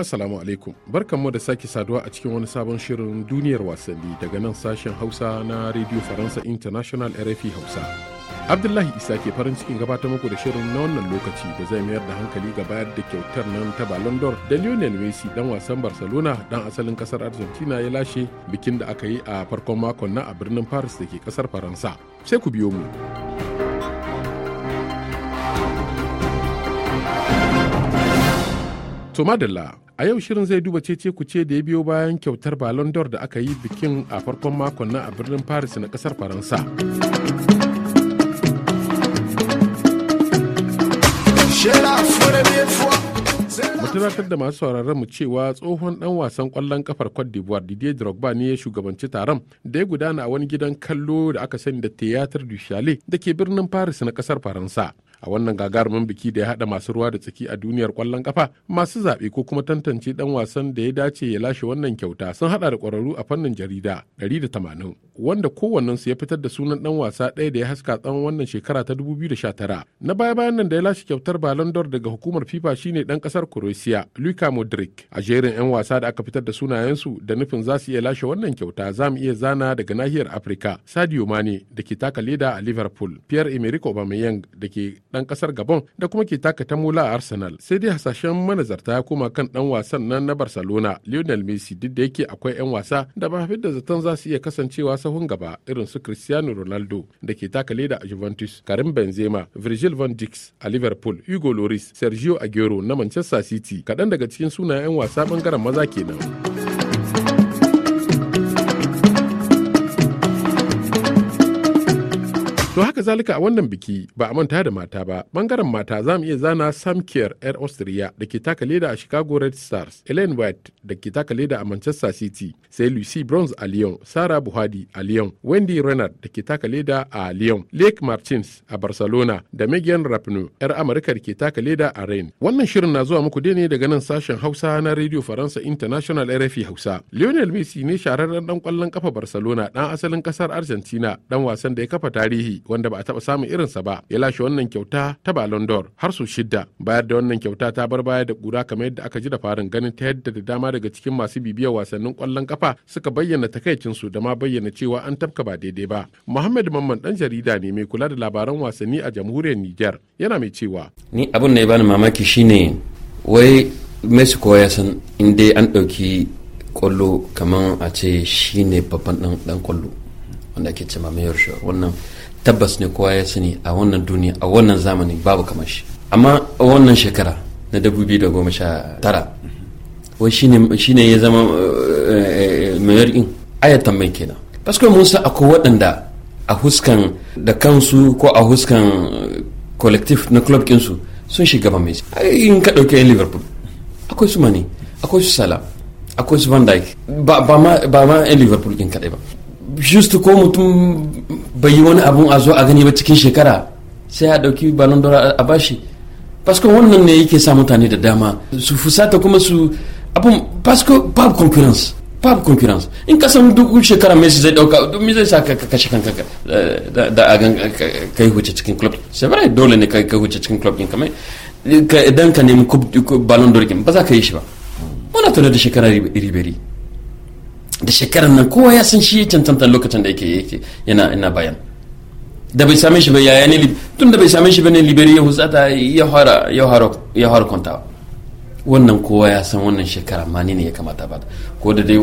assalamu alaikum barkanmu da sake saduwa a cikin wani sabon shirin duniyar wasanni daga nan sashen hausa na radio faransa international rfi hausa abdullahi isa ke farin cikin gabatar muku da shirin na wannan lokaci da zai mayar da hankali ga bayar da kyautar nan ta ballon d'or da lionel messi dan wasan barcelona dan asalin kasar argentina ya lashe bikin da aka yi a farkon makon na a birnin paris da ke kasar faransa sai ku biyo mu To madalla A yau shirin zai duba cece ce da ya biyo bayan kyautar Ballon d'Or da aka yi bikin a farkon makon nan a birnin Paris na kasar Faransa. tunatar da masu sauraron mu cewa tsohon dan wasan kwallon kafar Cote d'Ivoire Didier Drogba ne ya shugabanci taron da ya gudana a wani gidan kallo da aka sani da theatre du Chalet da ke birnin Paris na kasar Faransa. a wannan gagarumin biki da ya hada masu ruwa da tsaki a duniyar kwallon kafa masu zaɓe ko kuma tantance ɗan wasan da ya dace ya lashe wannan kyauta sun hada da ƙwararru a fannin jarida 180 wanda kowannensu ya fitar da sunan ɗan wasa ɗaya da ya haska tsawon wannan shekara ta 2019 na baya bayan nan da ya lashe kyautar Ballon d'Or daga hukumar FIFA shine dan ƙasar Croatia Luka Modric a jerin 'yan wasa da aka fitar da sunayen su da nufin za su iya lashe wannan kyauta za mu iya zana daga nahiyar Afirka Sadio Mane da ke taka leda a Liverpool Pierre Emerick Aubameyang da ke dan kasar Gabon da kuma ke taka ta mula a Arsenal. Sai dai hasashen manazarta ya koma kan dan wasan nan na Barcelona Lionel Messi duk da yake akwai 'yan wasa da ba da zaton za su iya kasancewa sahun gaba irin su Cristiano Ronaldo da ke taka leda a Juventus, Karim Benzema, Virgil van Dijk a Liverpool, Hugo Lloris, Sergio Aguero na Manchester City. Kaɗan daga cikin sunayen 'yan wasa ɓangaren maza kenan. haka zalika a wannan biki ba a manta da mata ba bangaren mata za mu iya zana sam kier yar austria da ke taka leda a chicago red stars ellen white da ke taka leda a manchester city sai lucy bronze a lyon sara buhari a lyon wendy renard da ke taka leda a lyon lake martins a barcelona da megan rapno yar amurka da ke taka leda a rain wannan shirin na zuwa muku ne daga nan sashen hausa na radio faransa international rfi hausa lionel messi ne shahararren dan kwallon kafa barcelona dan asalin kasar argentina dan wasan da ya kafa tarihi wanda ba a taɓa samun irinsa ba ya lashe wannan kyauta ta Ballon d'Or har su shidda bayar da wannan kyauta ta bar baya da kura kamar yadda aka ji da farin ganin ta yadda da dama daga cikin masu bibiyar wasannin ƙwallon kafa suka bayyana takaicin su da ma bayyana cewa an tafka ba daidai ba Muhammad Mamman dan jarida ne mai kula da labaran wasanni a jamhuriyar Niger yana mai cewa ni abin da ya bani mamaki shine wai Mexico ya san inda an ɗauki kwallo kamar a ce shine babban dan kwallo wanda ake cema mayor wannan tabbas ne kowa ya sani a wannan duniya a wannan zamani babu kamar shi amma a wannan shekara na 2019 wai shine ya zama eh, mayar in ayatan mai kenan paske mun sa akwai waɗanda a huskan da kansu ko a huskan collective na club kinsu sun shiga ba mai in ka ɗauke yan liverpool akwai su mani akwai su sala akwai su van dyke ba ma yan liverpool kin kaɗai ba just ko mutum bai yi wani abun a zo a gani ba cikin shekara sai a dauki balon dora a bashi paske wannan ne yake sa mutane da dama su fusata kuma su abun paske babu concurrence babu concurrence in ka san duk shekara messi zai dauka duk mi zai sa ka kashe kanka da a gan kai huce cikin club sai bare dole ne kai huce cikin club din kamar idan ka nemi ballon d'or ba za ka yi shi ba muna tunar da shekara riberi da shekarar nan kowa ya san shi ya cancanta lokacin da yake yana ina bayan da bai same shi ba yaya ne tun da bai same shi ba ne liberi ya husata ya fara ya fara kwanta wannan kowa ya san wannan shekara ma ne ya kamata ba ko da dai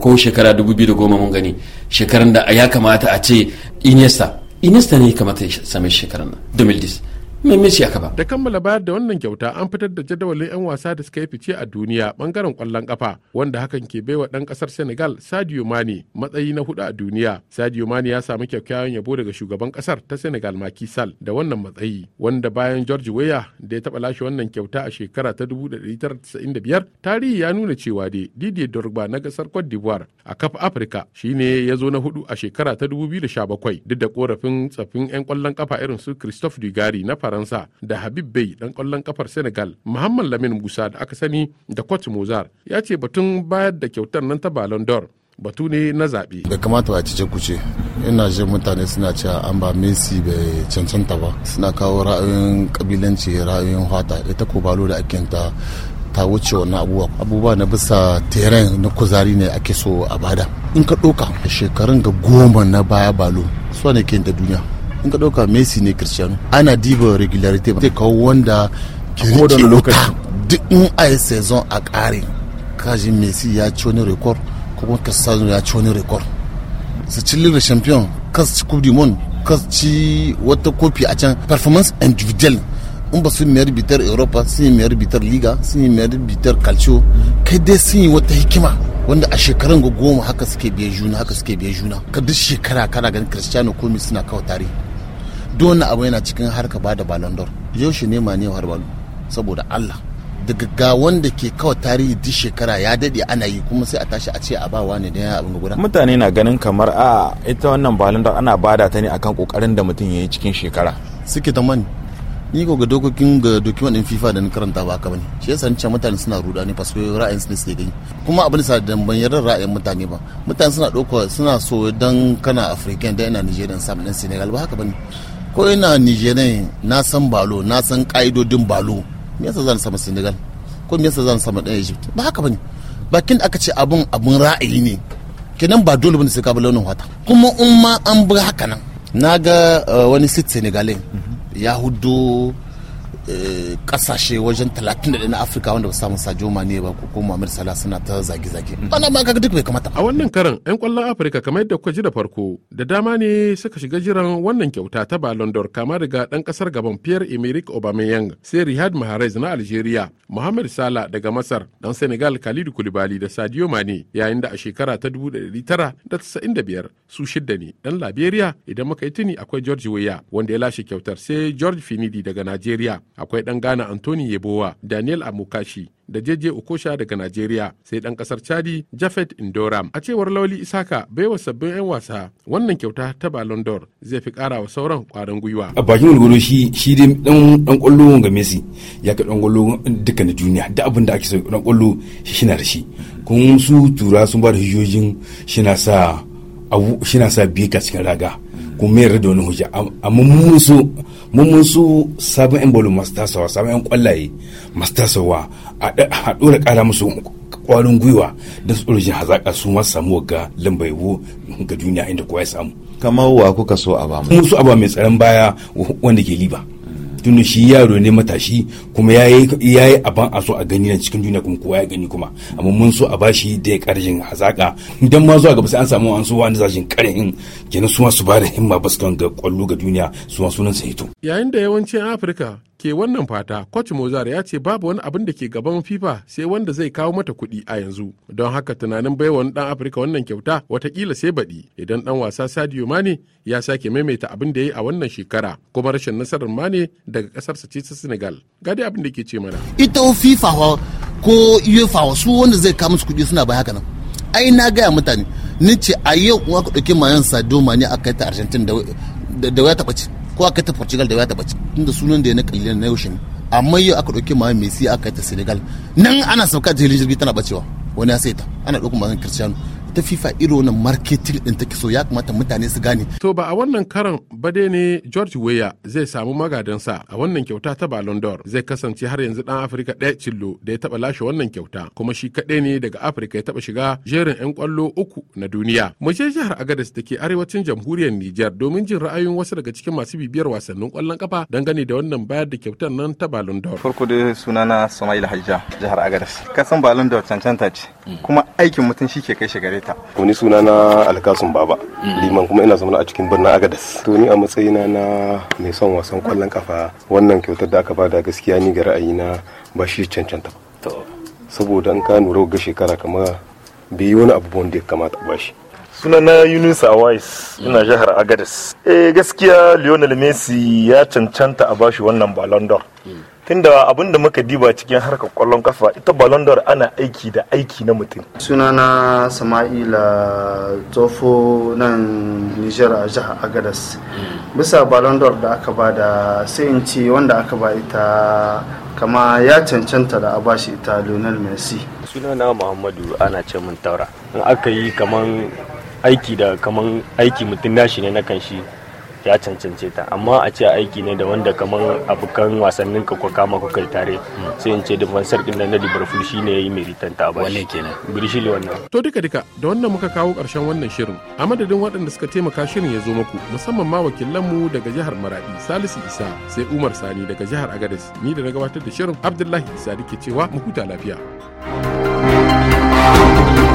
ko shekara 2010 mun gani shekaran da ya kamata a ce Iniesta Iniesta ne ya kamata ya same shekaran nan 2010 limiti ya ba. Da kammala bayar da wannan kyauta an fitar da jadawalin 'yan wasa da suka yi fice a duniya bangaren kwallon kafa wanda hakan ke baiwa ɗan ƙasar Senegal Sadio Mane matsayi na hudu a duniya. Sadio Mane ya samu kyakkyawan yabo daga shugaban ƙasar ta Senegal Macky Sall da wannan matsayi wanda bayan George Weah da ya taɓa lashe wannan kyauta a shekara ta 1995 tarihi ya nuna cewa dai Didier Drogba na ƙasar Cote d'Ivoire a Cup Africa shine ya zo na hudu a shekara ta 2017 duk da korafin tsafin 'yan kwallon kafa irin su Christophe Dugari na Faransa da Habib Bey dan kwallon kafar Senegal Muhammad Lamin Musa da aka sani da Coach Mozar ya ce batun bayar da kyautar nan ta Ballon d'Or batu ne na zaɓe. Bai kamata a cice kuce ina je mutane suna cewa an ba Messi bai cancanta ba suna kawo ra'ayoyin kabilanci ra'ayoyin hata ita ko balo da ake ta ta wuce wannan abubuwa abubuwa na bisa teren na kuzari ne ake so a bada in ka ɗauka shekarun ga goma na baya balo su ne ke da duniya in ka ɗauka messi ne cristiano ana diba regularity ba kawo wanda ke rike wuta duk in a yi saison a ƙare kaji messi ya ci wani rekord kuma cristiano ya ci wani rekord su ci liga champion kas ci coupe du monde kas ci wata kofi a can performance individual in ba su yi mayar bitar europa sun yi mayar bitar liga sun yi mayar bitar calcio kai dai sun yi wata hikima wanda a shekarun goma haka suke biye juna haka suke biye juna ka duk shekara kana ganin cristiano komi suna kawo tarihi duk wani abu yana cikin harka ba da balon d'or yau shi nema ne har balo saboda Allah daga ga wanda ke kawai tarihi duk shekara ya dade ana yi kuma sai a tashi a ce a ba wani da ya abin guda mutane na ganin kamar a ita wannan balon d'or ana bada ta ne akan kokarin da mutum ya yi cikin shekara suke ta mani ni ko ga dokokin ga dokiman din FIFA da ni karanta ba ka bane shi yasa ni mutane suna ruda ne fasko ra'ayin su ne sai gani kuma abin sa da ban yarda ra'ayin mutane ba mutane suna dauka suna so dan kana African dan ina Nigerian sam dan Senegal ba haka bane ko ina nigeria na san balo na san ka'idodin balo me yasa zan sama senegal ko me yasa zan sama dan egypt ba haka bane bakin da aka ce abun abun ra'ayi ne kenan ba dole bane sai ka bi launin wata kuma in ma an bi haka nan na ga eh, wani sit senegalin ya hudu Eh, kasashe wajen 31 na afirka wanda ba samu sajo mane ba ko ko muhammad suna ta zage-zage mhm. wannan ma duk bai kamata a wannan karan yan kwallon afirka kamar yadda kuka ji da farko da dama ne suka shiga jiran wannan kyauta ta ballon d'or kama daga dan kasar gaban pierre emerick aubameyang sai riyad mahrez na algeria muhammad salah daga masar dan senegal khalidu kulibali da sadio mane yayin da a shekara ta da da biyar su shidda ne dan liberia idan muka yi tuni akwai george weah wanda ya lashe kyautar sai george finidi daga nigeria akwai dan Ghana Anthony Yebowa, Daniel Amukashi da jeje Okosha daga nigeria sai dan kasar Chadi Jafet Indoram. A cewar lawali Isaka baiwa sabbin 'yan wasa wannan kyauta ta Ballon d'Or zai fi kara wa sauran kwarin gwiwa. A bakin wani shi shi dai dan ɗan ga Messi ya ka dan kwallo duka na duniya da abin da ake so ɗan kwallo shi na da shi. Kun su tura sun ba da hujjojin shi na sa abu shi na sa cikin raga. ku mayar da wani hujja amma mun mun su sabon yan bolo masu tasawa sabon yan kwallaye masu tasawa a ɗora kara musu kwarin gwiwa da su tsoron hazaƙa su ma samu ga lambaiwo ga duniya inda kowa ya samu kamar wa kuka so a ba mu su a ba mai tsaron baya wanda ke liba tunda shi yaro ne matashi kuma ya yi abin a so a gani nan cikin duniya kuma kowa ya gani kuma amma mun so a bashi da ya karjin hazaka idan ma zuwa gaba sai an samu an so wani zashin karin in kenan su ma su ba da himma ba su ga kwallo ga duniya su ma sunan sa hito yayin da yawancin afirka ke wannan fata coach mozar ya ce babu wani abin da ke gaban fifa sai wanda zai kawo mata kuɗi a yanzu don haka tunanin baiwa wani dan afirka wannan kyauta watakila sai baɗi idan dan wasa sadio mane ya sake maimaita abin da ya yi a wannan shekara kuma rashin nasarar mane daga sa ce ta senegal gadi abin da ke ce mana ita fifa ko uefa su wanda zai kawo musu kuɗi suna bai haka nan ai na gaya mutane ni ce a yau kuma ka ɗauki mayan sadio mane aka yi ta argentina da waya taɓa ci ko aka ta portugal da ya tun tunda sunan da ya na kalilan na yaushe amma yau aka dauke mai messi aka ta senegal nan ana sauka jirgin jirgi tana bacewa wani ya sai ta ana ɗaukar mazan cristiano ta fifa irin wannan marketing din take so ya kamata mutane su gane to ba a wannan karan ba dai ne george weya zai samu magadansa a wannan kyauta ta ballon d'or zai kasance har yanzu dan afirka ɗaya cillo da ya taba lashe wannan kyauta kuma shi kaɗai ne daga afirka ya taba shiga jerin yan kwallo uku na duniya mu je jihar agadez da ke arewacin jamhuriyar niger domin jin ra'ayoyin wasu daga cikin masu bibiyar wasannin kwallon kafa dangane da wannan bayar da kyautar nan ta ballon d'or farko dai sunana sumaila hajja jihar agadez kasan ballon d'or cancanta ce kuma aikin mutum shi ke kai shi gare ta wani suna na alkasun baba liman kuma ina zama a cikin birnin agadas to ni a matsayina na mai son wasan kwallon kafa wannan kyautar da aka bada gaskiya ni ga ra'ayina ba shi cancanta saboda in ka lura ga shekara kamar bai yi wani abubuwan da ya kamata ba shi suna na yunus awais ina jihar agadas eh gaskiya lionel messi ya cancanta a bashi wannan ballon d'or tunda abin da muka diba cikin harkar kwallon kafa ita ballon d'or ana aiki da aiki na mutum sunana sama'ila tsofo nan niger a jihar agadas bisa ballon da aka ba da sayanci wanda aka ba ita kama ya cancanta da a bashi ita lionel messi sunana muhammadu ana ce mun taura in aka yi kaman aiki da kaman aiki mutum nashi ne na kan shi ya cancance ta amma a ce aiki ne da wanda kamar abokan wasannin ka kwa kama kuka tare sai in ce defensor din na Liverpool shine yayi ta ba wanne kenan Birshil wannan to duka duka da wannan muka kawo karshen wannan shirin a madadin waɗanda suka taimaka shirin ya zo muku musamman ma wakilan mu daga jihar Maradi Salisu Isa sai Umar Sani daga jihar Agadez ni da na gabatar da shirin Abdullahi Isa dake cewa mu huta lafiya thank you